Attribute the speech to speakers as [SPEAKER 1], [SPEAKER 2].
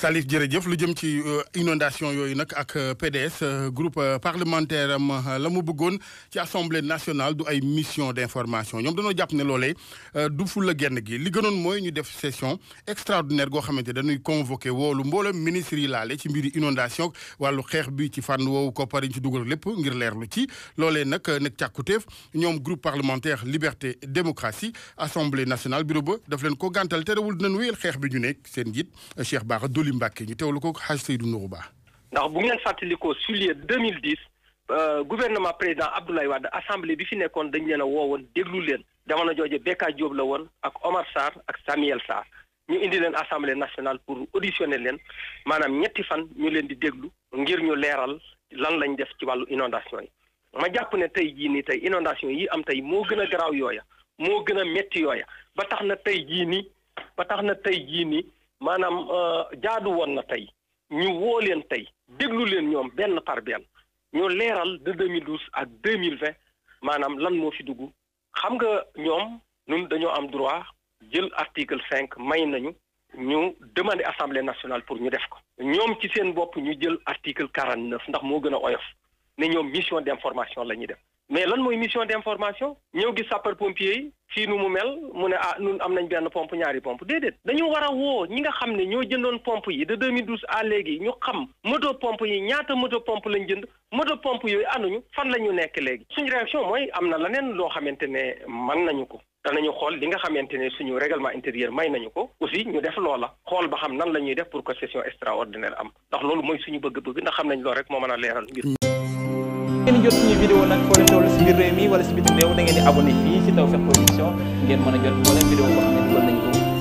[SPEAKER 1] Salif jërëjëf lu jëm ci euh, inondation yooyu nag ak euh, PDS euh, groupe parlementaire am la mu bëggoon ci assemblée nationale du ay mission d'information ñoom dañoo jàpp ne loole du fu genn gi li gënoon mooy ñu def session extraordinaire goo xamante dañuy convoqué woolu mboolem ministre yi laale ci mbiri inondation wallu xeex bi ci fànn woowu ko yi ci dugal lépp ngir leer lu ci loole nag nekk càkkutéef ñoom groupe parlementaire liberté démocratie assemblée nationale bureau ba daf leen ko gàntal terewul dinañ wéyal xeex bi ñu nekk seen njiit Wuli Mbàkke ñu teewlu ko xaaj Seydou Nourou Ba.
[SPEAKER 2] ndax bu ngeen fàttalikoo juillet 2010 euh, gouvernement président Abdoulaye Wade assemblée bi fi nekkoon dañ leen a woowoon déglu leen jamono jooje Beka Diop la woon ak Omar Sarr ak Samuel Sarr ñu indi leen assemblée nationale pour auditionner leen maanaam ñetti fan ñu leen di déglu ngir ñu leeral lan lañ def ci wàllu inondation yi. ma jàpp ne tey jii nii tey inondation yi am tey moo gën a garaaw yooya moo gën a metti yooya ba tax na tey jii nii ba tax na tey jii nii. maanaam euh, jaadu woon na tey ñu woo leen tey déglu leen ñoom benn par benn ñu leeral de 2012 ak 2020 maanaam lan moo fi dugg xam nga ñoom ñun dañoo am droit jël article cinq may nañu ñu demander assemblée nationale pour ñu def ko. ñoom ci seen bopp ñu jël article quarante neuf ndax moo gën a oyof ne ñoom mission d'information la ñuy def. mais lan mooy mission d'information ñëw gis sapeur pompier yi fii nu mu mel mu ne ah nun am nañ benn pompe ñaari pompe déedéet dañu war a woo ñi nga xam ne ñoo jëndoon pompe yi de 2012 à léegi ñu xam moto pompe yi ñaata moto pompe lañ jënd moto pompe yooyu ànduñu fan la ñu nekk léegi suñu réaction mooy am na leneen loo xamante ne mën nañu ko danañu xool li nga xamante ne suñu règlement intérieur may nañu ko aussi ñu def loola xool ba xam nan la ñuy def pour que session extraordinaire am ndax loolu mooy suñu bëgg-bëgg ndax xam nañ a leeral mbir ngeen jot suñu vidéo nag foo leen toll si biir réew mi wala si biti réew da ngeen di abonné
[SPEAKER 1] fii si Production ngeen mën a jot moo leen vidéo boo xam ne dugal nañ ko